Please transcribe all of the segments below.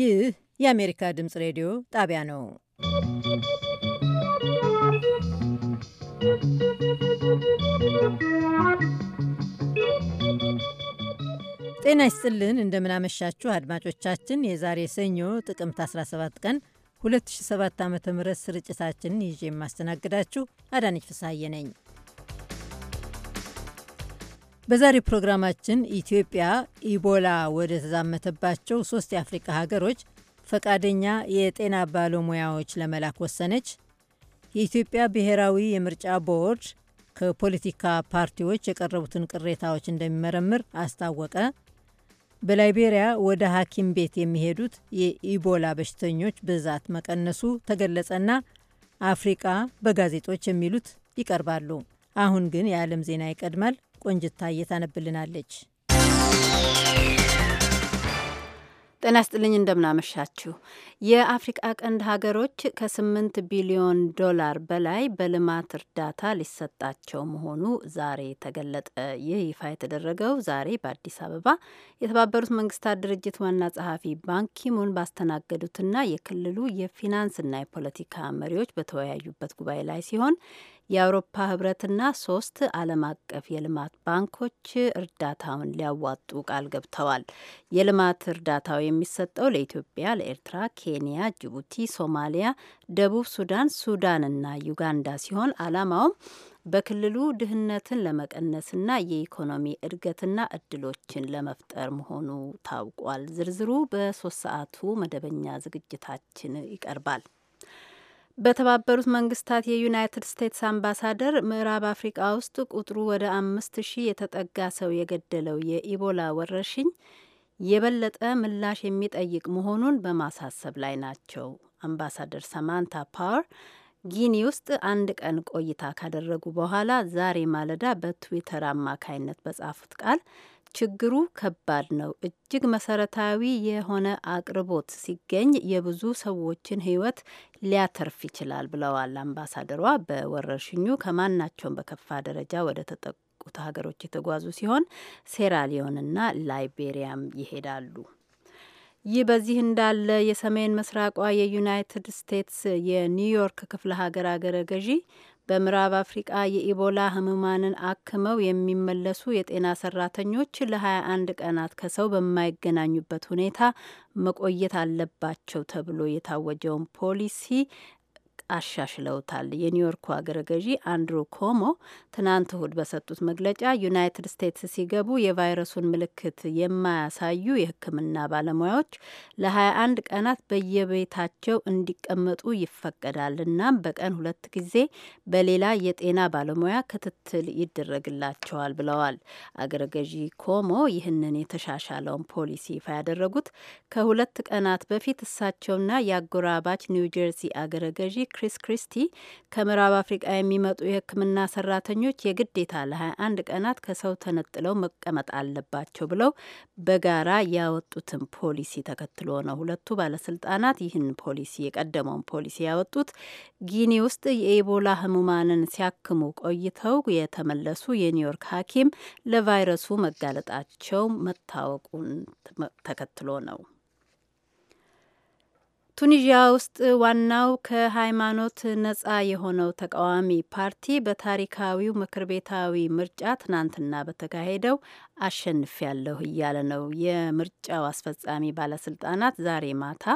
ይህ የአሜሪካ ድምፅ ሬዲዮ ጣቢያ ነው። ጤና ይስጥልን፣ እንደምናመሻችሁ አድማጮቻችን። የዛሬ ሰኞ ጥቅምት 17 ቀን 2007 ዓ ም ስርጭታችንን ይዤ የማስተናግዳችሁ አዳነች ፍስሐዬ ነኝ። በዛሬ ፕሮግራማችን ኢትዮጵያ ኢቦላ ወደ ተዛመተባቸው ሶስት የአፍሪካ ሀገሮች ፈቃደኛ የጤና ባለሙያዎች ለመላክ ወሰነች፣ የኢትዮጵያ ብሔራዊ የምርጫ ቦርድ ከፖለቲካ ፓርቲዎች የቀረቡትን ቅሬታዎች እንደሚመረምር አስታወቀ፣ በላይቤሪያ ወደ ሐኪም ቤት የሚሄዱት የኢቦላ በሽተኞች ብዛት መቀነሱ ተገለጸና አፍሪቃ በጋዜጦች የሚሉት ይቀርባሉ። አሁን ግን የዓለም ዜና ይቀድማል። ቆንጅታዬ ታነብልናለች። ጤና ስጥልኝ እንደምናመሻችሁ። የአፍሪቃ ቀንድ ሀገሮች ከስምንት ቢሊዮን ዶላር በላይ በልማት እርዳታ ሊሰጣቸው መሆኑ ዛሬ ተገለጠ። ይህ ይፋ የተደረገው ዛሬ በአዲስ አበባ የተባበሩት መንግስታት ድርጅት ዋና ጸሐፊ ባንኪሙን ባስተናገዱትና የክልሉ የፊናንስና የፖለቲካ መሪዎች በተወያዩበት ጉባኤ ላይ ሲሆን የአውሮፓ ህብረትና ሶስት ዓለም አቀፍ የልማት ባንኮች እርዳታውን ሊያዋጡ ቃል ገብተዋል። የልማት እርዳታው የሚሰጠው ለኢትዮጵያ፣ ለኤርትራ፣ ኬንያ፣ ጅቡቲ፣ ሶማሊያ፣ ደቡብ ሱዳን፣ ሱዳንና ዩጋንዳ ሲሆን ዓላማውም በክልሉ ድህነትን ለመቀነስና የኢኮኖሚ እድገትና እድሎችን ለመፍጠር መሆኑ ታውቋል። ዝርዝሩ በሶስት ሰዓቱ መደበኛ ዝግጅታችን ይቀርባል። በተባበሩት መንግስታት የዩናይትድ ስቴትስ አምባሳደር ምዕራብ አፍሪቃ ውስጥ ቁጥሩ ወደ አምስት ሺህ የተጠጋ ሰው የገደለው የኢቦላ ወረርሽኝ የበለጠ ምላሽ የሚጠይቅ መሆኑን በማሳሰብ ላይ ናቸው። አምባሳደር ሰማንታ ፓወር ጊኒ ውስጥ አንድ ቀን ቆይታ ካደረጉ በኋላ ዛሬ ማለዳ በትዊተር አማካይነት በጻፉት ቃል ችግሩ ከባድ ነው። እጅግ መሰረታዊ የሆነ አቅርቦት ሲገኝ የብዙ ሰዎችን ሕይወት ሊያተርፍ ይችላል ብለዋል አምባሳደሯ። በወረርሽኙ ከማናቸውም በከፋ ደረጃ ወደ ተጠቁት ሀገሮች የተጓዙ ሲሆን ሴራሊዮንና ላይቤሪያም ይሄዳሉ። ይህ በዚህ እንዳለ የሰሜን ምስራቋ የዩናይትድ ስቴትስ የኒውዮርክ ክፍለ ሀገር አገረ ገዢ በምዕራብ አፍሪቃ የኢቦላ ህሙማንን አክመው የሚመለሱ የጤና ሰራተኞች ለ21 ቀናት ከሰው በማይገናኙበት ሁኔታ መቆየት አለባቸው ተብሎ የታወጀውን ፖሊሲ አሻሽለውታል። የኒውዮርኩ አገረ ገዢ አንድሩ ኮሞ ትናንት እሁድ በሰጡት መግለጫ ዩናይትድ ስቴትስ ሲገቡ የቫይረሱን ምልክት የማያሳዩ የሕክምና ባለሙያዎች ለ21 ቀናት በየቤታቸው እንዲቀመጡ ይፈቀዳል። እናም በቀን ሁለት ጊዜ በሌላ የጤና ባለሙያ ክትትል ይደረግላቸዋል ብለዋል። አገረ ገዢ ኮሞ ይህንን የተሻሻለውን ፖሊሲ ይፋ ያደረጉት ከሁለት ቀናት በፊት እሳቸውና የአጎራባች ኒውጀርሲ አገረ ገዢ ክሪስ ክሪስቲ ከምዕራብ አፍሪቃ የሚመጡ የሕክምና ሰራተኞች የግዴታ ለ21 ቀናት ከሰው ተነጥለው መቀመጥ አለባቸው ብለው በጋራ ያወጡትን ፖሊሲ ተከትሎ ነው። ሁለቱ ባለስልጣናት ይህን ፖሊሲ የቀደመውን ፖሊሲ ያወጡት ጊኒ ውስጥ የኢቦላ ህሙማንን ሲያክሙ ቆይተው የተመለሱ የኒውዮርክ ሐኪም ለቫይረሱ መጋለጣቸው መታወቁን ተከትሎ ነው። ቱኒዥያ ውስጥ ዋናው ከሃይማኖት ነጻ የሆነው ተቃዋሚ ፓርቲ በታሪካዊው ምክር ቤታዊ ምርጫ ትናንትና በተካሄደው አሸንፊያለሁ እያለ ነው። የምርጫው አስፈጻሚ ባለስልጣናት ዛሬ ማታ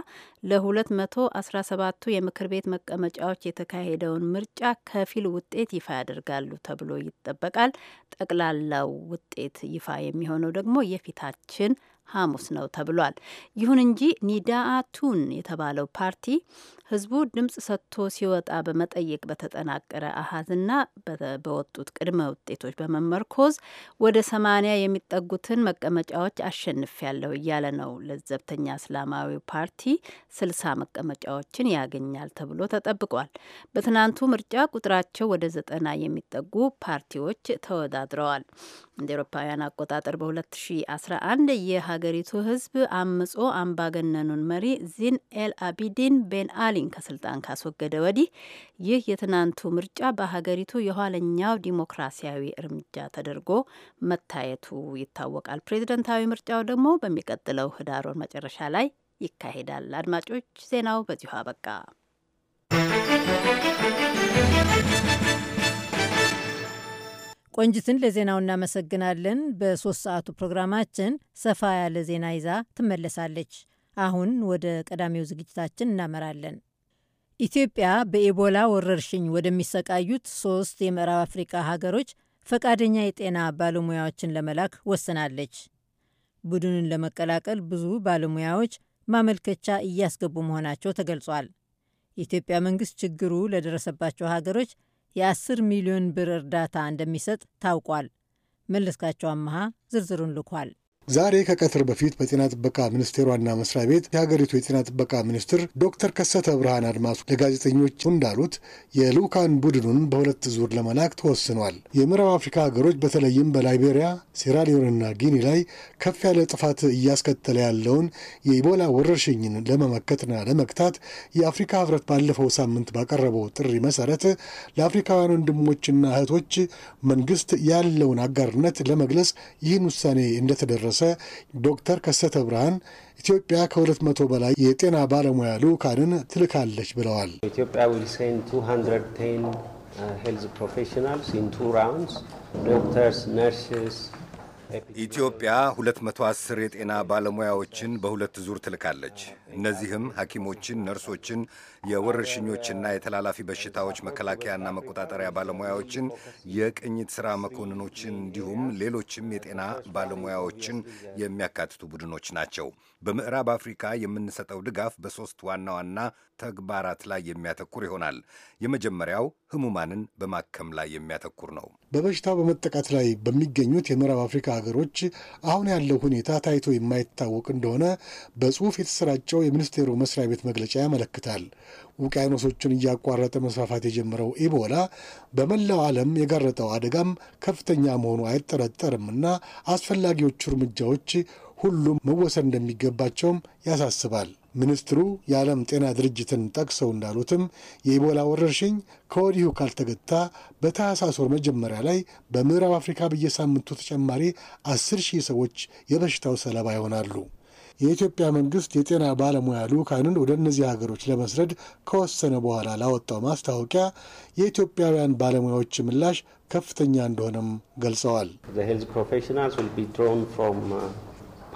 ለ217ቱ የምክር ቤት መቀመጫዎች የተካሄደውን ምርጫ ከፊል ውጤት ይፋ ያደርጋሉ ተብሎ ይጠበቃል። ጠቅላላው ውጤት ይፋ የሚሆነው ደግሞ የፊታችን ሐሙስ ነው ተብሏል። ይሁን እንጂ ኒዳአቱን የተባለው ፓርቲ ህዝቡ ድምፅ ሰጥቶ ሲወጣ በመጠየቅ በተጠናቀረ አሀዝና በወጡት ቅድመ ውጤቶች በመመርኮዝ ወደ ሰማንያ የሚጠጉትን መቀመጫዎች ያለው እያለ ነው። ለዘብተኛ እስላማዊ ፓርቲ ስልሳ መቀመጫዎችን ያገኛል ተብሎ ተጠብቋል። በትናንቱ ምርጫ ቁጥራቸው ወደ ዘጠና የሚጠጉ ፓርቲዎች ተወዳድረዋል። እንደ ኤሮፓውያን አቆጣጠር በ2011 የሀገሪቱ ህዝብ አምጾ አምባገነኑን መሪ ዚን ኤል አቢዲን ቤን አሊ ራሊን ከስልጣን ካስወገደ ወዲህ ይህ የትናንቱ ምርጫ በሀገሪቱ የኋለኛው ዲሞክራሲያዊ እርምጃ ተደርጎ መታየቱ ይታወቃል። ፕሬዝደንታዊ ምርጫው ደግሞ በሚቀጥለው ህዳር ወር መጨረሻ ላይ ይካሄዳል። አድማጮች፣ ዜናው በዚሁ አበቃ። ቆንጅትን ለዜናው እናመሰግናለን። በሶስት ሰዓቱ ፕሮግራማችን ሰፋ ያለ ዜና ይዛ ትመለሳለች። አሁን ወደ ቀዳሚው ዝግጅታችን እናመራለን። ኢትዮጵያ በኢቦላ ወረርሽኝ ወደሚሰቃዩት ሶስት የምዕራብ አፍሪቃ ሀገሮች ፈቃደኛ የጤና ባለሙያዎችን ለመላክ ወስናለች። ቡድኑን ለመቀላቀል ብዙ ባለሙያዎች ማመልከቻ እያስገቡ መሆናቸው ተገልጿል። የኢትዮጵያ መንግስት ችግሩ ለደረሰባቸው ሀገሮች የአስር ሚሊዮን ብር እርዳታ እንደሚሰጥ ታውቋል። መለስካቸው አመሃ ዝርዝሩን ልኳል። ዛሬ ከቀትር በፊት በጤና ጥበቃ ሚኒስቴር ዋና መስሪያ ቤት የሀገሪቱ የጤና ጥበቃ ሚኒስትር ዶክተር ከሰተ ብርሃን አድማሱ ለጋዜጠኞች እንዳሉት የልዑካን ቡድኑን በሁለት ዙር ለመላክ ተወስኗል። የምዕራብ አፍሪካ ሀገሮች በተለይም በላይቤሪያ፣ ሴራሊዮንና ጊኒ ላይ ከፍ ያለ ጥፋት እያስከተለ ያለውን የኢቦላ ወረርሽኝን ለመመከትና ለመግታት የአፍሪካ ህብረት ባለፈው ሳምንት ባቀረበው ጥሪ መሰረት ለአፍሪካውያን ወንድሞችና እህቶች መንግስት ያለውን አጋርነት ለመግለጽ ይህን ውሳኔ እንደተደረሰ ደረሰ ዶክተር ከሰተ ብርሃን ኢትዮጵያ ከ መቶ በላይ የጤና ባለሙያ ልዑካንን ትልካለች ብለዋል። ዶክተርስ ነርስስ ኢትዮጵያ 210 የጤና ባለሙያዎችን በሁለት ዙር ትልካለች። እነዚህም ሐኪሞችን፣ ነርሶችን፣ የወረርሽኞችና የተላላፊ በሽታዎች መከላከያና መቆጣጠሪያ ባለሙያዎችን፣ የቅኝት ሥራ መኮንኖችን እንዲሁም ሌሎችም የጤና ባለሙያዎችን የሚያካትቱ ቡድኖች ናቸው። በምዕራብ አፍሪካ የምንሰጠው ድጋፍ በሦስት ዋና ዋና ተግባራት ላይ የሚያተኩር ይሆናል። የመጀመሪያው ህሙማንን በማከም ላይ የሚያተኩር ነው። በበሽታው በመጠቃት ላይ በሚገኙት የምዕራብ አፍሪካ ሀገሮች አሁን ያለው ሁኔታ ታይቶ የማይታወቅ እንደሆነ በጽሁፍ የተሰራጨው የሚኒስቴሩ መስሪያ ቤት መግለጫ ያመለክታል። ውቅያኖሶችን እያቋረጠ መስፋፋት የጀመረው ኢቦላ በመላው ዓለም የጋረጠው አደጋም ከፍተኛ መሆኑ አይጠረጠርምና አስፈላጊዎቹ እርምጃዎች ሁሉም መወሰድ እንደሚገባቸውም ያሳስባል። ሚኒስትሩ የዓለም ጤና ድርጅትን ጠቅሰው እንዳሉትም የኢቦላ ወረርሽኝ ከወዲሁ ካልተገታ በታህሳስ ወር መጀመሪያ ላይ በምዕራብ አፍሪካ በየሳምንቱ ተጨማሪ አስር ሺህ ሰዎች የበሽታው ሰለባ ይሆናሉ። የኢትዮጵያ መንግስት የጤና ባለሙያ ልዑካንን ወደ እነዚህ ሀገሮች ለመስረድ ከወሰነ በኋላ ላወጣው ማስታወቂያ የኢትዮጵያውያን ባለሙያዎች ምላሽ ከፍተኛ እንደሆነም ገልጸዋል።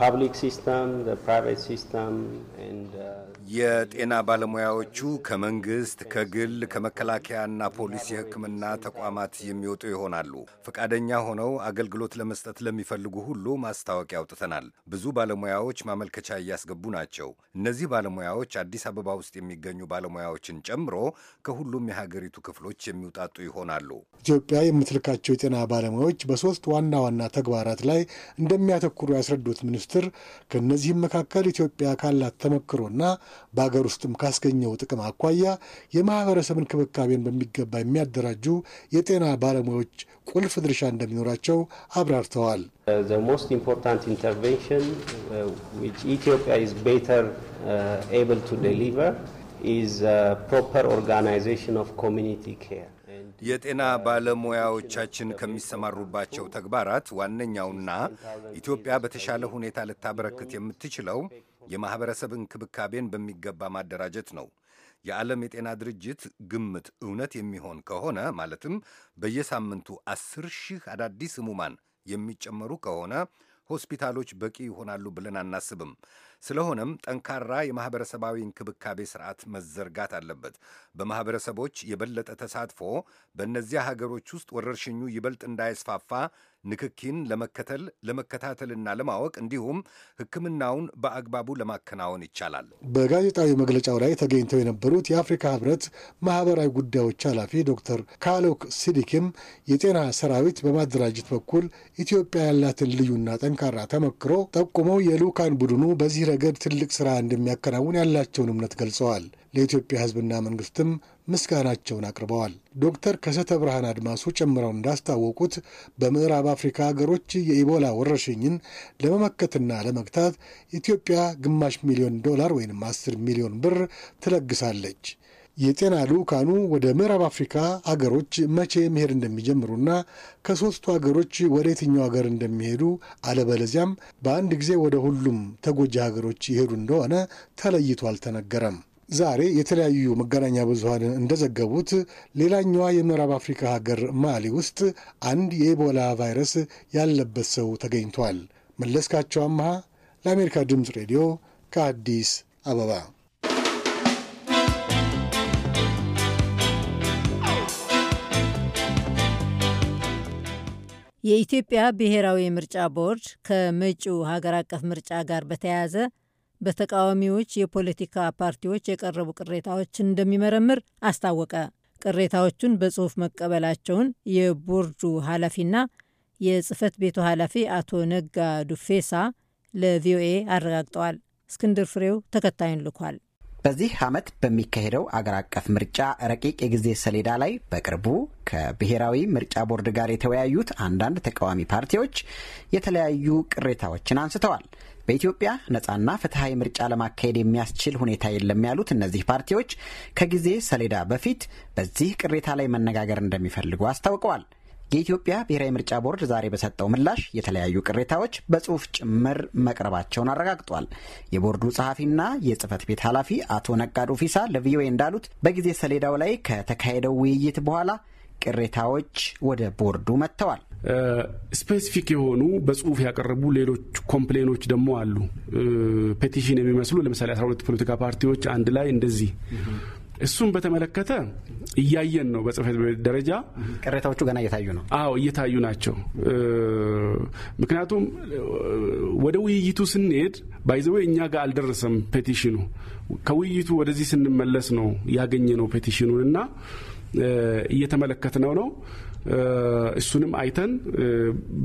Uh, የጤና ባለሙያዎቹ ከመንግስት ከግል፣ ከመከላከያና ፖሊስ የሕክምና ተቋማት የሚወጡ ይሆናሉ። ፈቃደኛ ሆነው አገልግሎት ለመስጠት ለሚፈልጉ ሁሉ ማስታወቂያ አውጥተናል። ብዙ ባለሙያዎች ማመልከቻ እያስገቡ ናቸው። እነዚህ ባለሙያዎች አዲስ አበባ ውስጥ የሚገኙ ባለሙያዎችን ጨምሮ ከሁሉም የሀገሪቱ ክፍሎች የሚውጣጡ ይሆናሉ። ኢትዮጵያ የምትልካቸው የጤና ባለሙያዎች በሶስት ዋና ዋና ተግባራት ላይ እንደሚያተኩሩ ያስረዱት ሚኒስትሩ ሚኒስትር ከእነዚህም መካከል ኢትዮጵያ ካላት ተመክሮና በአገር ውስጥም ካስገኘው ጥቅም አኳያ የማህበረሰብ እንክብካቤን በሚገባ የሚያደራጁ የጤና ባለሙያዎች ቁልፍ ድርሻ እንደሚኖራቸው አብራርተዋል። ሞስት ኢምፖርታንት ኢንተርቬንሽን ኢትዮጵያ ኢዝ ቤተር ኤብል ቱ ዴሊቨር ኢዝ ፕሮፐር ኦርጋናይዜሽን ኦፍ ኮሚኒቲ ኬር የጤና ባለሙያዎቻችን ከሚሰማሩባቸው ተግባራት ዋነኛውና ኢትዮጵያ በተሻለ ሁኔታ ልታበረክት የምትችለው የማኅበረሰብ እንክብካቤን በሚገባ ማደራጀት ነው። የዓለም የጤና ድርጅት ግምት እውነት የሚሆን ከሆነ ማለትም በየሳምንቱ አስር ሺህ አዳዲስ ህሙማን የሚጨመሩ ከሆነ ሆስፒታሎች በቂ ይሆናሉ ብለን አናስብም። ስለሆነም ጠንካራ የማህበረሰባዊ እንክብካቤ ስርዓት መዘርጋት አለበት። በማህበረሰቦች የበለጠ ተሳትፎ በእነዚያ ሀገሮች ውስጥ ወረርሽኙ ይበልጥ እንዳይስፋፋ ንክኪን ለመከተል ለመከታተልና ለማወቅ እንዲሁም ሕክምናውን በአግባቡ ለማከናወን ይቻላል። በጋዜጣዊ መግለጫው ላይ ተገኝተው የነበሩት የአፍሪካ ህብረት ማህበራዊ ጉዳዮች ኃላፊ ዶክተር ካሎክ ሲዲኪም የጤና ሰራዊት በማደራጀት በኩል ኢትዮጵያ ያላትን ልዩና ጠንካራ ተመክሮ ጠቁመው የሉካን ቡድኑ በዚህ ረገድ ትልቅ ስራ እንደሚያከናውን ያላቸውን እምነት ገልጸዋል። ለኢትዮጵያ ህዝብና መንግስትም ምስጋናቸውን አቅርበዋል። ዶክተር ከሰተ ብርሃን አድማሱ ጨምረው እንዳስታወቁት በምዕራብ አፍሪካ ሀገሮች የኢቦላ ወረርሽኝን ለመመከትና ለመግታት ኢትዮጵያ ግማሽ ሚሊዮን ዶላር ወይም 10 ሚሊዮን ብር ትለግሳለች። የጤና ልዑካኑ ወደ ምዕራብ አፍሪካ አገሮች መቼ መሄድ እንደሚጀምሩና ከሦስቱ አገሮች ወደ የትኛው አገር እንደሚሄዱ አለበለዚያም በአንድ ጊዜ ወደ ሁሉም ተጎጂ ሀገሮች ይሄዱ እንደሆነ ተለይቶ አልተነገረም። ዛሬ የተለያዩ መገናኛ ብዙኃን እንደዘገቡት ሌላኛዋ የምዕራብ አፍሪካ ሀገር ማሊ ውስጥ አንድ የኢቦላ ቫይረስ ያለበት ሰው ተገኝቷል። መለስካቸው አምሃ ለአሜሪካ ድምፅ ሬዲዮ ከአዲስ አበባ የኢትዮጵያ ብሔራዊ ምርጫ ቦርድ ከመጪው ሀገር አቀፍ ምርጫ ጋር በተያያዘ በተቃዋሚዎች የፖለቲካ ፓርቲዎች የቀረቡ ቅሬታዎችን እንደሚመረምር አስታወቀ። ቅሬታዎቹን በጽሑፍ መቀበላቸውን የቦርዱ ኃላፊና የጽህፈት ቤቱ ኃላፊ አቶ ነጋ ዱፌሳ ለቪኦኤ አረጋግጠዋል። እስክንድር ፍሬው ተከታዩን ልኳል። በዚህ ዓመት በሚካሄደው አገር አቀፍ ምርጫ ረቂቅ የጊዜ ሰሌዳ ላይ በቅርቡ ከብሔራዊ ምርጫ ቦርድ ጋር የተወያዩት አንዳንድ ተቃዋሚ ፓርቲዎች የተለያዩ ቅሬታዎችን አንስተዋል። በኢትዮጵያ ነጻና ፍትሐዊ ምርጫ ለማካሄድ የሚያስችል ሁኔታ የለም ያሉት እነዚህ ፓርቲዎች ከጊዜ ሰሌዳ በፊት በዚህ ቅሬታ ላይ መነጋገር እንደሚፈልጉ አስታውቀዋል። የኢትዮጵያ ብሔራዊ ምርጫ ቦርድ ዛሬ በሰጠው ምላሽ የተለያዩ ቅሬታዎች በጽሁፍ ጭምር መቅረባቸውን አረጋግጧል። የቦርዱ ጸሐፊና የጽህፈት ቤት ኃላፊ አቶ ነቃዱ ፊሳ ለቪኦኤ እንዳሉት በጊዜ ሰሌዳው ላይ ከተካሄደው ውይይት በኋላ ቅሬታዎች ወደ ቦርዱ መጥተዋል። ስፔሲፊክ የሆኑ በጽሁፍ ያቀረቡ ሌሎች ኮምፕሌኖች ደግሞ አሉ። ፔቲሽን የሚመስሉ ለምሳሌ 12 ፖለቲካ ፓርቲዎች አንድ ላይ እንደዚህ እሱን በተመለከተ እያየን ነው። በጽህፈት ቤት ደረጃ ቅሬታዎቹ ገና እየታዩ ነው። አዎ እየታዩ ናቸው። ምክንያቱም ወደ ውይይቱ ስንሄድ ባይዘዌ እኛ ጋር አልደረሰም ፔቲሽኑ። ከውይይቱ ወደዚህ ስንመለስ ነው ያገኘ ነው ፔቲሽኑን እና እየተመለከት ነው ነው እሱንም አይተን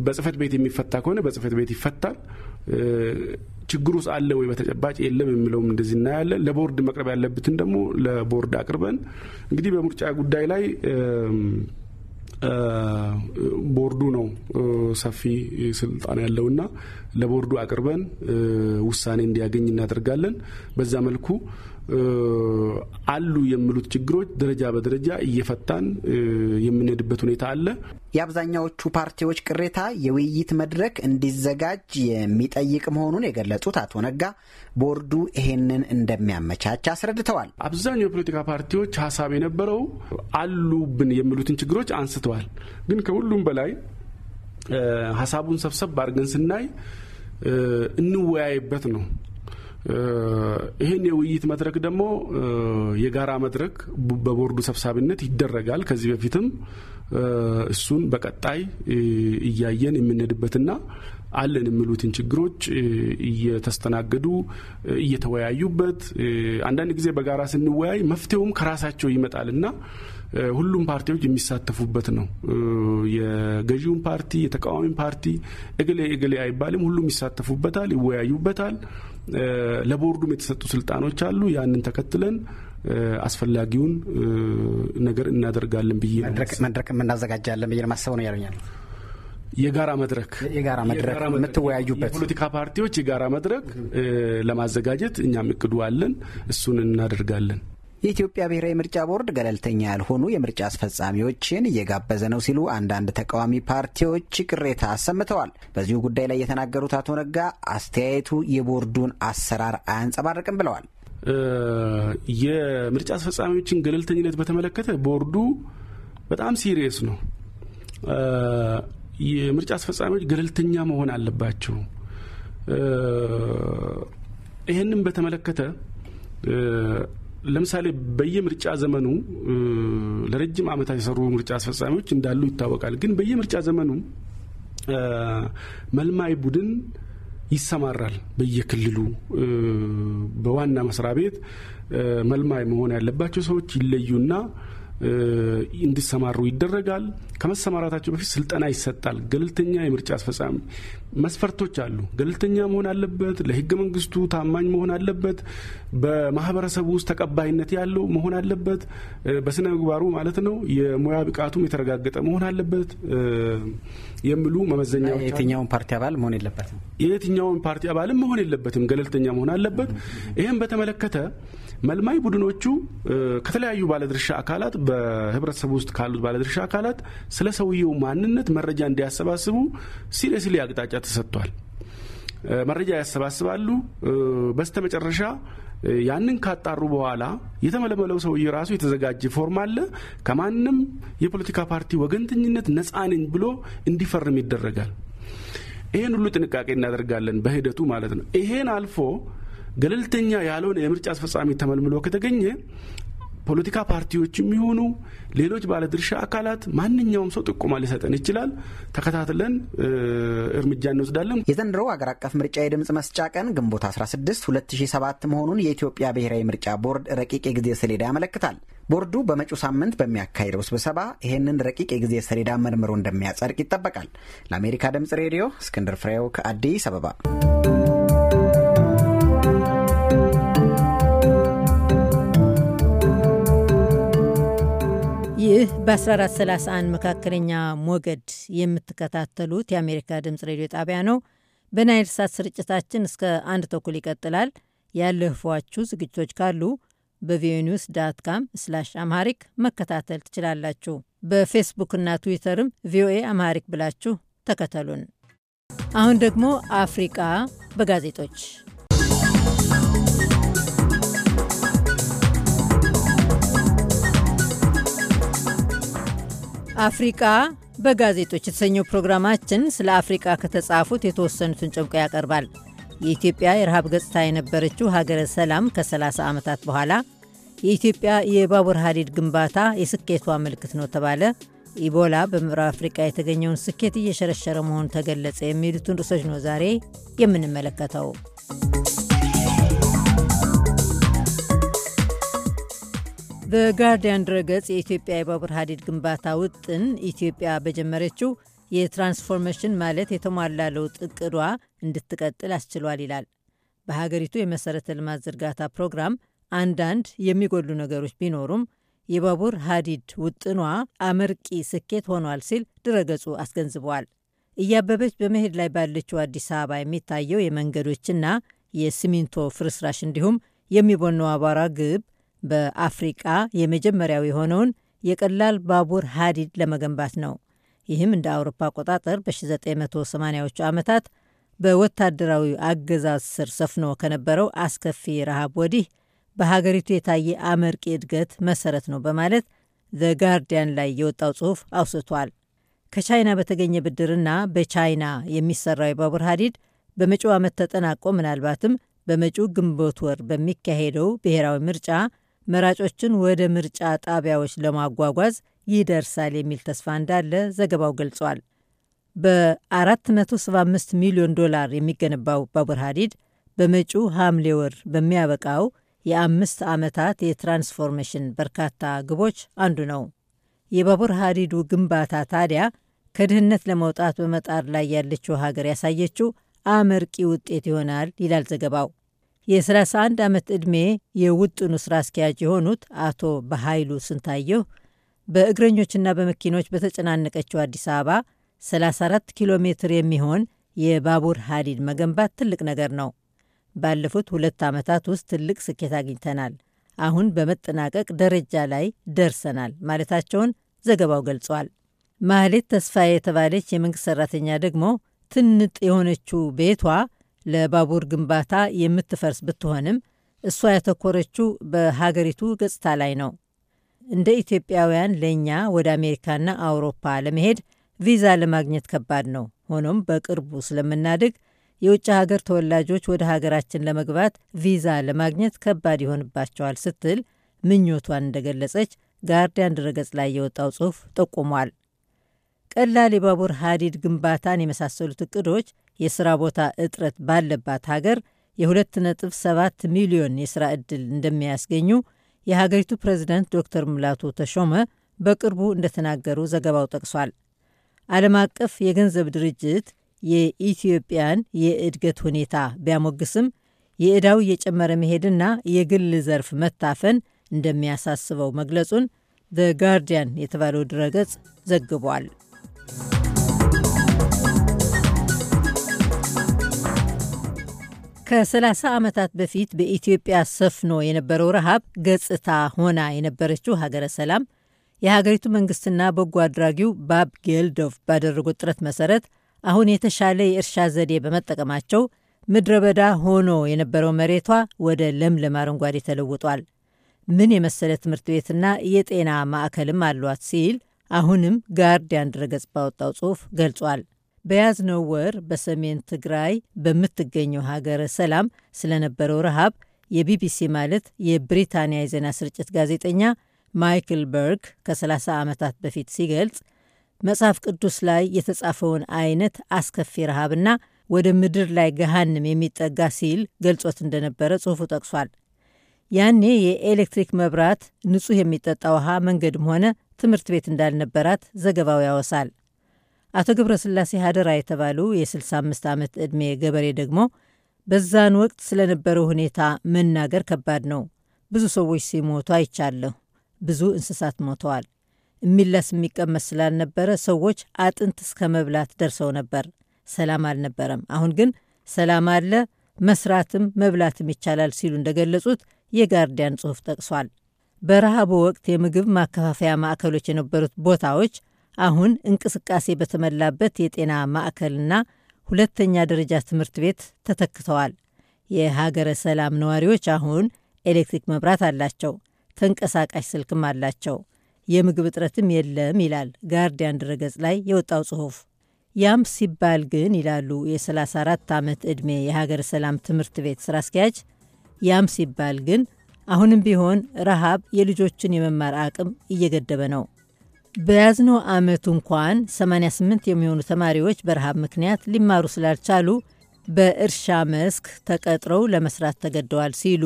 በጽህፈት ቤት የሚፈታ ከሆነ በጽህፈት ቤት ይፈታል። ችግር ውስጥ አለ ወይ በተጨባጭ የለም የሚለውም እንደዚህ እናያለን። ለቦርድ መቅረብ ያለብትን ደግሞ ለቦርድ አቅርበን እንግዲህ በምርጫ ጉዳይ ላይ ቦርዱ ነው ሰፊ ስልጣን ያለውና ለቦርዱ አቅርበን ውሳኔ እንዲያገኝ እናደርጋለን። በዛ መልኩ አሉ የሚሉት ችግሮች ደረጃ በደረጃ እየፈታን የምንሄድበት ሁኔታ አለ። የአብዛኛዎቹ ፓርቲዎች ቅሬታ የውይይት መድረክ እንዲዘጋጅ የሚጠይቅ መሆኑን የገለጹት አቶ ነጋ ቦርዱ ይሄንን እንደሚያመቻች አስረድተዋል። አብዛኛው የፖለቲካ ፓርቲዎች ሀሳብ የነበረው አሉብን የሚሉትን ችግሮች አንስተዋል። ግን ከሁሉም በላይ ሀሳቡን ሰብሰብ አድርገን ስናይ እንወያይበት ነው ይህን የውይይት መድረክ ደግሞ የጋራ መድረክ በቦርዱ ሰብሳቢነት ይደረጋል። ከዚህ በፊትም እሱን በቀጣይ እያየን የምንሄድበትና አለን የሚሉትን ችግሮች እየተስተናገዱ እየተወያዩበት አንዳንድ ጊዜ በጋራ ስንወያይ መፍትሄውም ከራሳቸው ይመጣልና ሁሉም ፓርቲዎች የሚሳተፉበት ነው። የገዢውን ፓርቲ የተቃዋሚ ፓርቲ እግሌ እግሌ አይባልም። ሁሉም ይሳተፉበታል፣ ይወያዩበታል። ለቦርዱም የተሰጡ ስልጣኖች አሉ። ያንን ተከትለን አስፈላጊውን ነገር እናደርጋለን ብዬ መድረክ እናዘጋጃለን ብዬ ማሰብ ነው ያሉኛል። የጋራ መድረክ የጋራ መድረክ የምትወያዩበት የፖለቲካ ፓርቲዎች የጋራ መድረክ ለማዘጋጀት እኛም እቅዱ አለን። እሱን እናደርጋለን። የኢትዮጵያ ብሔራዊ ምርጫ ቦርድ ገለልተኛ ያልሆኑ የምርጫ አስፈጻሚዎችን እየጋበዘ ነው ሲሉ አንዳንድ ተቃዋሚ ፓርቲዎች ቅሬታ አሰምተዋል። በዚሁ ጉዳይ ላይ የተናገሩት አቶ ነጋ አስተያየቱ የቦርዱን አሰራር አያንጸባርቅም ብለዋል። የምርጫ አስፈጻሚዎችን ገለልተኝነት በተመለከተ ቦርዱ በጣም ሲሪየስ ነው። የምርጫ አስፈጻሚዎች ገለልተኛ መሆን አለባቸው። ይህንም በተመለከተ ለምሳሌ በየምርጫ ዘመኑ ለረጅም ዓመታት የሰሩ ምርጫ አስፈጻሚዎች እንዳሉ ይታወቃል። ግን በየምርጫ ዘመኑ መልማይ ቡድን ይሰማራል። በየክልሉ በዋና መስሪያ ቤት መልማይ መሆን ያለባቸው ሰዎች ይለዩና እንዲሰማሩ ይደረጋል። ከመሰማራታቸው በፊት ስልጠና ይሰጣል። ገለልተኛ የምርጫ አስፈጻሚ መስፈርቶች አሉ። ገለልተኛ መሆን አለበት። ለህገ መንግስቱ ታማኝ መሆን አለበት። በማህበረሰቡ ውስጥ ተቀባይነት ያለው መሆን አለበት። በስነ ምግባሩ ማለት ነው። የሙያ ብቃቱም የተረጋገጠ መሆን አለበት የሚሉ መመዘኛዎች የትኛውን ፓርቲ አባል መሆን የለበትም። የትኛውን ፓርቲ አባልም መሆን የለበትም። ገለልተኛ መሆን አለበት። ይህም በተመለከተ መልማይ ቡድኖቹ ከተለያዩ ባለድርሻ አካላት በህብረተሰቡ ውስጥ ካሉት ባለድርሻ አካላት ስለ ሰውየው ማንነት መረጃ እንዲያሰባስቡ ሲሪየስሊ አቅጣጫ ተሰጥቷል። መረጃ ያሰባስባሉ። በስተመጨረሻ ያንን ካጣሩ በኋላ የተመለመለው ሰውዬ ራሱ የተዘጋጀ ፎርም አለ። ከማንም የፖለቲካ ፓርቲ ወገንተኝነት ነጻ ነኝ ብሎ እንዲፈርም ይደረጋል። ይህን ሁሉ ጥንቃቄ እናደርጋለን በሂደቱ ማለት ነው። ይሄን አልፎ ገለልተኛ ያልሆነ የምርጫ አስፈጻሚ ተመልምሎ ከተገኘ ፖለቲካ ፓርቲዎች የሚሆኑ ሌሎች ባለድርሻ አካላት ማንኛውም ሰው ጥቆማ ሊሰጠን ይችላል። ተከታትለን እርምጃ እንወስዳለን። የዘንድሮው አገር አቀፍ ምርጫ የድምፅ መስጫ ቀን ግንቦት 16 2007 መሆኑን የኢትዮጵያ ብሔራዊ ምርጫ ቦርድ ረቂቅ የጊዜ ሰሌዳ ያመለክታል። ቦርዱ በመጪው ሳምንት በሚያካሂደው ስብሰባ ይህንን ረቂቅ የጊዜ ሰሌዳ መርምሮ እንደሚያጸድቅ ይጠበቃል። ለአሜሪካ ድምፅ ሬዲዮ እስክንድር ፍሬው ከአዲስ አበባ ይህ በ1431 መካከለኛ ሞገድ የምትከታተሉት የአሜሪካ ድምፅ ሬዲዮ ጣቢያ ነው። በናይል ሳት ስርጭታችን እስከ አንድ ተኩል ይቀጥላል። ያለፏችሁ ዝግጅቶች ካሉ በቪኦኤ ኒውስ ዳት ካም ስላሽ አምሃሪክ መከታተል ትችላላችሁ። በፌስቡክና ትዊተርም ቪኦኤ አምሃሪክ ብላችሁ ተከተሉን። አሁን ደግሞ አፍሪቃ በጋዜጦች አፍሪቃ በጋዜጦች የተሰኘው ፕሮግራማችን ስለ አፍሪቃ ከተጻፉት የተወሰኑትን ጨምቆ ያቀርባል። የኢትዮጵያ የረሃብ ገጽታ የነበረችው ሀገረ ሰላም ከ30 ዓመታት በኋላ፣ የኢትዮጵያ የባቡር ሀዲድ ግንባታ የስኬቷ ምልክት ነው ተባለ፣ ኢቦላ በምዕራብ አፍሪቃ የተገኘውን ስኬት እየሸረሸረ መሆኑ ተገለጸ፣ የሚሉትን ርዕሶች ነው ዛሬ የምንመለከተው። በጋርዲያን ድረገጽ የኢትዮጵያ የባቡር ሀዲድ ግንባታ ውጥን ኢትዮጵያ በጀመረችው የትራንስፎርሜሽን ማለት የተሟላ ለውጥ እቅዷ እንድትቀጥል አስችሏል ይላል። በሀገሪቱ የመሰረተ ልማት ዝርጋታ ፕሮግራም አንዳንድ የሚጎሉ ነገሮች ቢኖሩም የባቡር ሀዲድ ውጥኗ አመርቂ ስኬት ሆኗል ሲል ድረገጹ አስገንዝበዋል። እያበበች በመሄድ ላይ ባለችው አዲስ አበባ የሚታየው የመንገዶችና የሲሚንቶ ፍርስራሽ እንዲሁም የሚቦነው አቧራ ግብ በአፍሪቃ የመጀመሪያው የሆነውን የቀላል ባቡር ሀዲድ ለመገንባት ነው። ይህም እንደ አውሮፓ አቆጣጠር በ1980ዎቹ ዓመታት በወታደራዊ አገዛዝ ስር ሰፍኖ ከነበረው አስከፊ ረሃብ ወዲህ በሀገሪቱ የታየ አመርቂ እድገት መሰረት ነው በማለት ዘ ጋርዲያን ላይ የወጣው ጽሑፍ አውስቷል። ከቻይና በተገኘ ብድርና በቻይና የሚሰራው የባቡር ሀዲድ በመጪው ዓመት ተጠናቆ ምናልባትም በመጪው ግንቦት ወር በሚካሄደው ብሔራዊ ምርጫ መራጮችን ወደ ምርጫ ጣቢያዎች ለማጓጓዝ ይደርሳል የሚል ተስፋ እንዳለ ዘገባው ገልጿል። በ475 ሚሊዮን ዶላር የሚገነባው ባቡር ሀዲድ በመጪው ሐምሌ ወር በሚያበቃው የአምስት ዓመታት የትራንስፎርሜሽን በርካታ ግቦች አንዱ ነው። የባቡር ሀዲዱ ግንባታ ታዲያ ከድህነት ለመውጣት በመጣር ላይ ያለችው ሀገር ያሳየችው አመርቂ ውጤት ይሆናል ይላል ዘገባው። የ31 ዓመት ዕድሜ የውጥኑ ስራ አስኪያጅ የሆኑት አቶ በኃይሉ ስንታየሁ በእግረኞችና በመኪኖች በተጨናነቀችው አዲስ አበባ 34 ኪሎ ሜትር የሚሆን የባቡር ሀዲድ መገንባት ትልቅ ነገር ነው። ባለፉት ሁለት ዓመታት ውስጥ ትልቅ ስኬት አግኝተናል። አሁን በመጠናቀቅ ደረጃ ላይ ደርሰናል ማለታቸውን ዘገባው ገልጿል። ማህሌት ተስፋዬ የተባለች የመንግሥት ሠራተኛ ደግሞ ትንጥ የሆነችው ቤቷ ለባቡር ግንባታ የምትፈርስ ብትሆንም እሷ ያተኮረችው በሀገሪቱ ገጽታ ላይ ነው። እንደ ኢትዮጵያውያን ለእኛ ወደ አሜሪካና አውሮፓ ለመሄድ ቪዛ ለማግኘት ከባድ ነው። ሆኖም በቅርቡ ስለምናድግ የውጭ ሀገር ተወላጆች ወደ ሀገራችን ለመግባት ቪዛ ለማግኘት ከባድ ይሆንባቸዋል ስትል ምኞቷን እንደገለጸች ጋርዲያን ድረገጽ ላይ የወጣው ጽሑፍ ጠቁሟል። ቀላል የባቡር ሀዲድ ግንባታን የመሳሰሉት እቅዶች የሥራ ቦታ እጥረት ባለባት ሀገር የ2.7 ሚሊዮን የሥራ ዕድል እንደሚያስገኙ የሀገሪቱ ፕሬዚደንት ዶክተር ሙላቱ ተሾመ በቅርቡ እንደተናገሩ ዘገባው ጠቅሷል። ዓለም አቀፍ የገንዘብ ድርጅት የኢትዮጵያን የእድገት ሁኔታ ቢያሞግስም የዕዳው እየጨመረ መሄድና የግል ዘርፍ መታፈን እንደሚያሳስበው መግለጹን ዘ ጋርዲያን የተባለው ድረገጽ ዘግቧል። ከ30 ዓመታት በፊት በኢትዮጵያ ሰፍኖ የነበረው ረሃብ ገጽታ ሆና የነበረችው ሀገረ ሰላም የሀገሪቱ መንግስትና በጎ አድራጊው ባብ ጌልዶቭ ባደረጉት ጥረት መሰረት አሁን የተሻለ የእርሻ ዘዴ በመጠቀማቸው ምድረ በዳ ሆኖ የነበረው መሬቷ ወደ ለምለም አረንጓዴ ተለውጧል። ምን የመሰለ ትምህርት ቤትና የጤና ማዕከልም አሏት ሲል አሁንም ጋርዲያን ድረገጽ ባወጣው ጽሑፍ ገልጿል። በያዝነው ወር በሰሜን ትግራይ በምትገኘው ሀገረ ሰላም ስለነበረው ረሃብ የቢቢሲ ማለት የብሪታንያ የዜና ስርጭት ጋዜጠኛ ማይክል በርግ ከ30 ዓመታት በፊት ሲገልጽ መጽሐፍ ቅዱስ ላይ የተጻፈውን አይነት አስከፊ ረሃብና ወደ ምድር ላይ ገሃንም የሚጠጋ ሲል ገልጾት እንደነበረ ጽሑፉ ጠቅሷል። ያኔ የኤሌክትሪክ መብራት፣ ንጹሕ የሚጠጣ ውሃ፣ መንገድም ሆነ ትምህርት ቤት እንዳልነበራት ዘገባው ያወሳል። አቶ ገብረስላሴ ሀደራ የተባሉ የ65 ዓመት ዕድሜ ገበሬ ደግሞ በዛን ወቅት ስለነበረው ሁኔታ መናገር ከባድ ነው። ብዙ ሰዎች ሲሞቱ አይቻለሁ። ብዙ እንስሳት ሞተዋል። የሚላስ የሚቀመስ ስላልነበረ ሰዎች አጥንት እስከ መብላት ደርሰው ነበር። ሰላም አልነበረም። አሁን ግን ሰላም አለ፣ መስራትም መብላትም ይቻላል ሲሉ እንደገለጹት የጋርዲያን ጽሑፍ ጠቅሷል። በረሃቡ ወቅት የምግብ ማከፋፈያ ማዕከሎች የነበሩት ቦታዎች አሁን እንቅስቃሴ በተሞላበት የጤና ማዕከልና ሁለተኛ ደረጃ ትምህርት ቤት ተተክተዋል። የሀገረ ሰላም ነዋሪዎች አሁን ኤሌክትሪክ መብራት አላቸው፣ ተንቀሳቃሽ ስልክም አላቸው፣ የምግብ እጥረትም የለም ይላል ጋርዲያን ድረገጽ ላይ የወጣው ጽሑፍ። ያም ሲባል ግን ይላሉ የ34 ዓመት ዕድሜ የሀገረ ሰላም ትምህርት ቤት ስራ አስኪያጅ፣ ያም ሲባል ግን አሁንም ቢሆን ረሃብ የልጆችን የመማር አቅም እየገደበ ነው። በያዝነው ዓመት እንኳን 88 የሚሆኑ ተማሪዎች በረሃብ ምክንያት ሊማሩ ስላልቻሉ በእርሻ መስክ ተቀጥረው ለመስራት ተገደዋል ሲሉ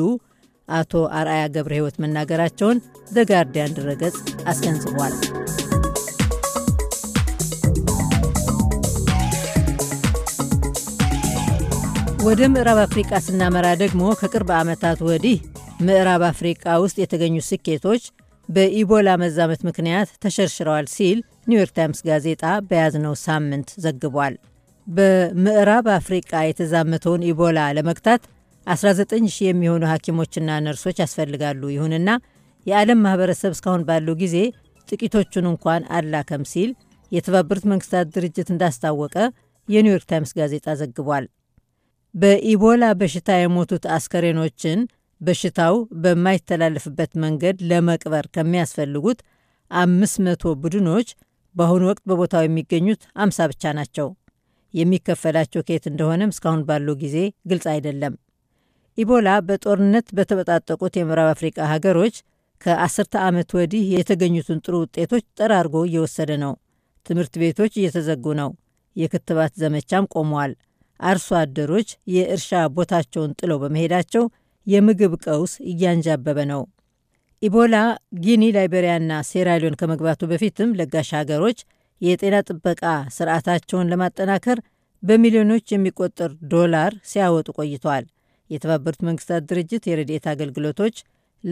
አቶ አርአያ ገብረ ሕይወት መናገራቸውን ዘጋርዲያን ድረገጽ አስገንዝቧል። ወደ ምዕራብ አፍሪቃ ስናመራ ደግሞ ከቅርብ ዓመታት ወዲህ ምዕራብ አፍሪቃ ውስጥ የተገኙ ስኬቶች በኢቦላ መዛመት ምክንያት ተሸርሽረዋል ሲል ኒውዮርክ ታይምስ ጋዜጣ በያዝነው ሳምንት ዘግቧል። በምዕራብ አፍሪቃ የተዛመተውን ኢቦላ ለመግታት 19000 የሚሆኑ ሐኪሞችና ነርሶች ያስፈልጋሉ። ይሁንና የዓለም ማኅበረሰብ እስካሁን ባለው ጊዜ ጥቂቶቹን እንኳን አላከም ሲል የተባበሩት መንግስታት ድርጅት እንዳስታወቀ የኒውዮርክ ታይምስ ጋዜጣ ዘግቧል። በኢቦላ በሽታ የሞቱት አስከሬኖችን በሽታው በማይተላለፍበት መንገድ ለመቅበር ከሚያስፈልጉት መቶ ቡድኖች በአሁኑ ወቅት በቦታው የሚገኙት አምሳ ብቻ ናቸው። የሚከፈላቸው ከየት እንደሆነም እስካሁን ባለው ጊዜ ግልጽ አይደለም። ኢቦላ በጦርነት በተበጣጠቁት የምዕራብ አፍሪቃ ሀገሮች ከአስርተ ዓመት ወዲህ የተገኙትን ጥሩ ውጤቶች ጠራርጎ እየወሰደ ነው። ትምህርት ቤቶች እየተዘጉ ነው። የክትባት ዘመቻም ቆመዋል። አርሶ አደሮች የእርሻ ቦታቸውን ጥለው በመሄዳቸው የምግብ ቀውስ እያንዣበበ ነው። ኢቦላ ጊኒ፣ ላይቤሪያና ሴራሊዮን ከመግባቱ በፊትም ለጋሽ ሀገሮች የጤና ጥበቃ ስርዓታቸውን ለማጠናከር በሚሊዮኖች የሚቆጠር ዶላር ሲያወጡ ቆይተዋል። የተባበሩት መንግስታት ድርጅት የረድኤት አገልግሎቶች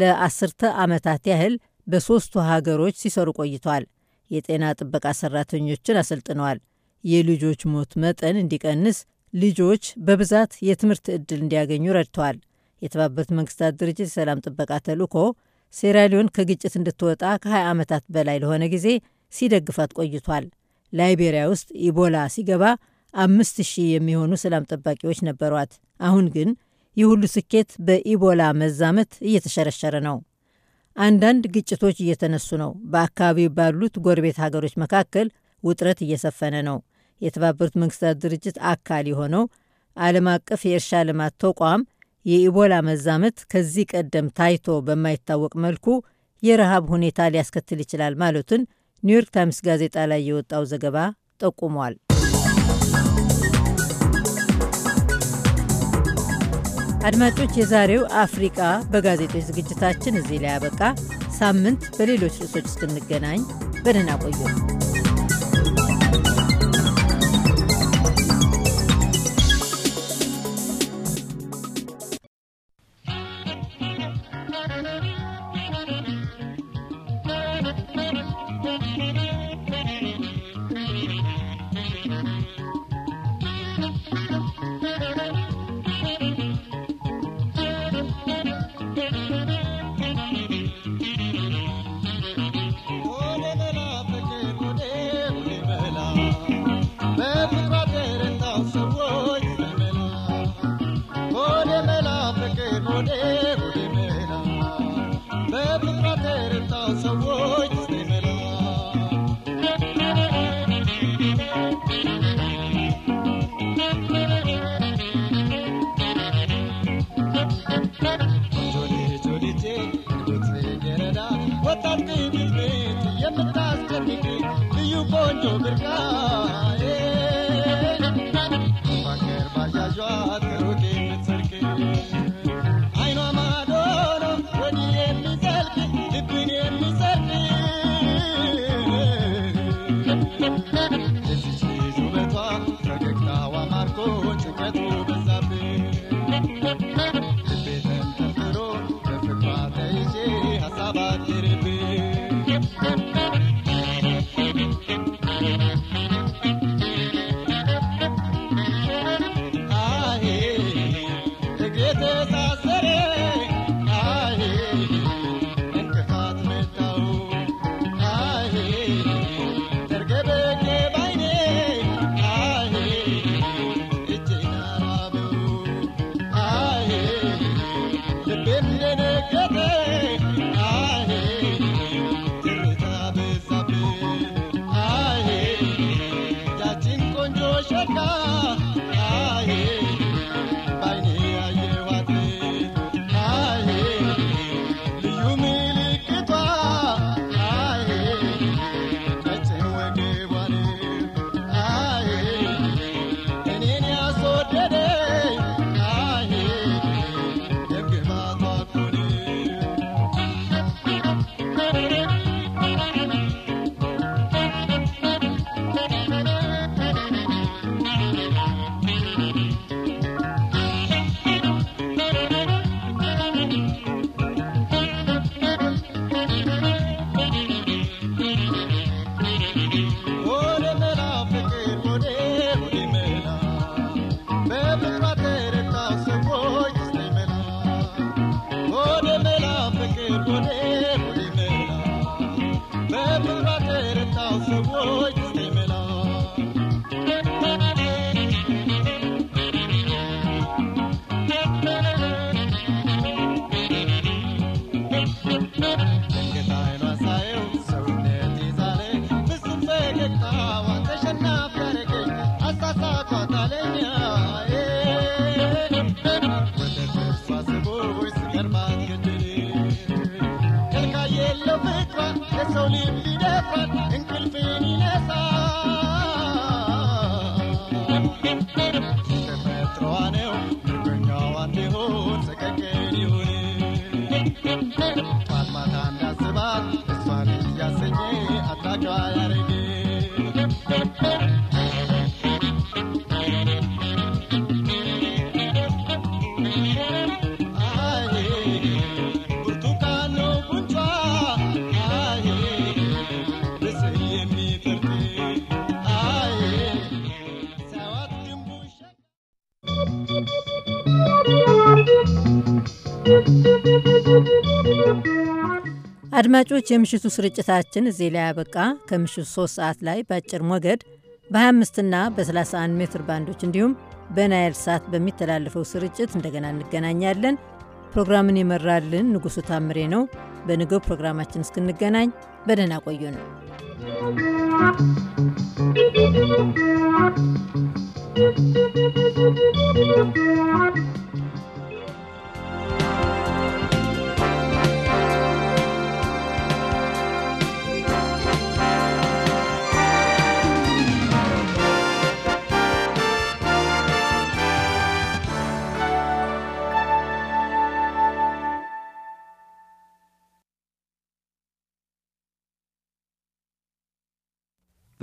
ለአስርተ ዓመታት ያህል በሦስቱ ሀገሮች ሲሰሩ ቆይተዋል። የጤና ጥበቃ ሰራተኞችን አሰልጥነዋል። የልጆች ሞት መጠን እንዲቀንስ፣ ልጆች በብዛት የትምህርት ዕድል እንዲያገኙ ረድተዋል። የተባበሩት መንግስታት ድርጅት የሰላም ጥበቃ ተልእኮ ሴራሊዮን ከግጭት እንድትወጣ ከ20 ዓመታት በላይ ለሆነ ጊዜ ሲደግፋት ቆይቷል። ላይቤሪያ ውስጥ ኢቦላ ሲገባ አምስት ሺህ የሚሆኑ ሰላም ጠባቂዎች ነበሯት። አሁን ግን ይህ ሁሉ ስኬት በኢቦላ መዛመት እየተሸረሸረ ነው። አንዳንድ ግጭቶች እየተነሱ ነው። በአካባቢው ባሉት ጎረቤት ሀገሮች መካከል ውጥረት እየሰፈነ ነው። የተባበሩት መንግስታት ድርጅት አካል የሆነው ዓለም አቀፍ የእርሻ ልማት ተቋም የኢቦላ መዛመት ከዚህ ቀደም ታይቶ በማይታወቅ መልኩ የረሃብ ሁኔታ ሊያስከትል ይችላል ማለቱን ኒውዮርክ ታይምስ ጋዜጣ ላይ የወጣው ዘገባ ጠቁሟል። አድማጮች፣ የዛሬው አፍሪቃ በጋዜጦች ዝግጅታችን እዚህ ላይ ያበቃ። ሳምንት በሌሎች ርዕሶች እስክንገናኝ በደህና ቆየ። Yeah. Krishna አድማጮች፣ የምሽቱ ስርጭታችን እዚህ ላይ ያበቃ። ከምሽቱ 3 ሰዓት ላይ በአጭር ሞገድ በ25ና በ31 ሜትር ባንዶች እንዲሁም በናይል ሳት በሚተላለፈው ስርጭት እንደገና እንገናኛለን። ፕሮግራምን የመራልን ንጉሱ ታምሬ ነው። በንገው ፕሮግራማችን እስክንገናኝ በደህና ቆዩ ነው። Thank you.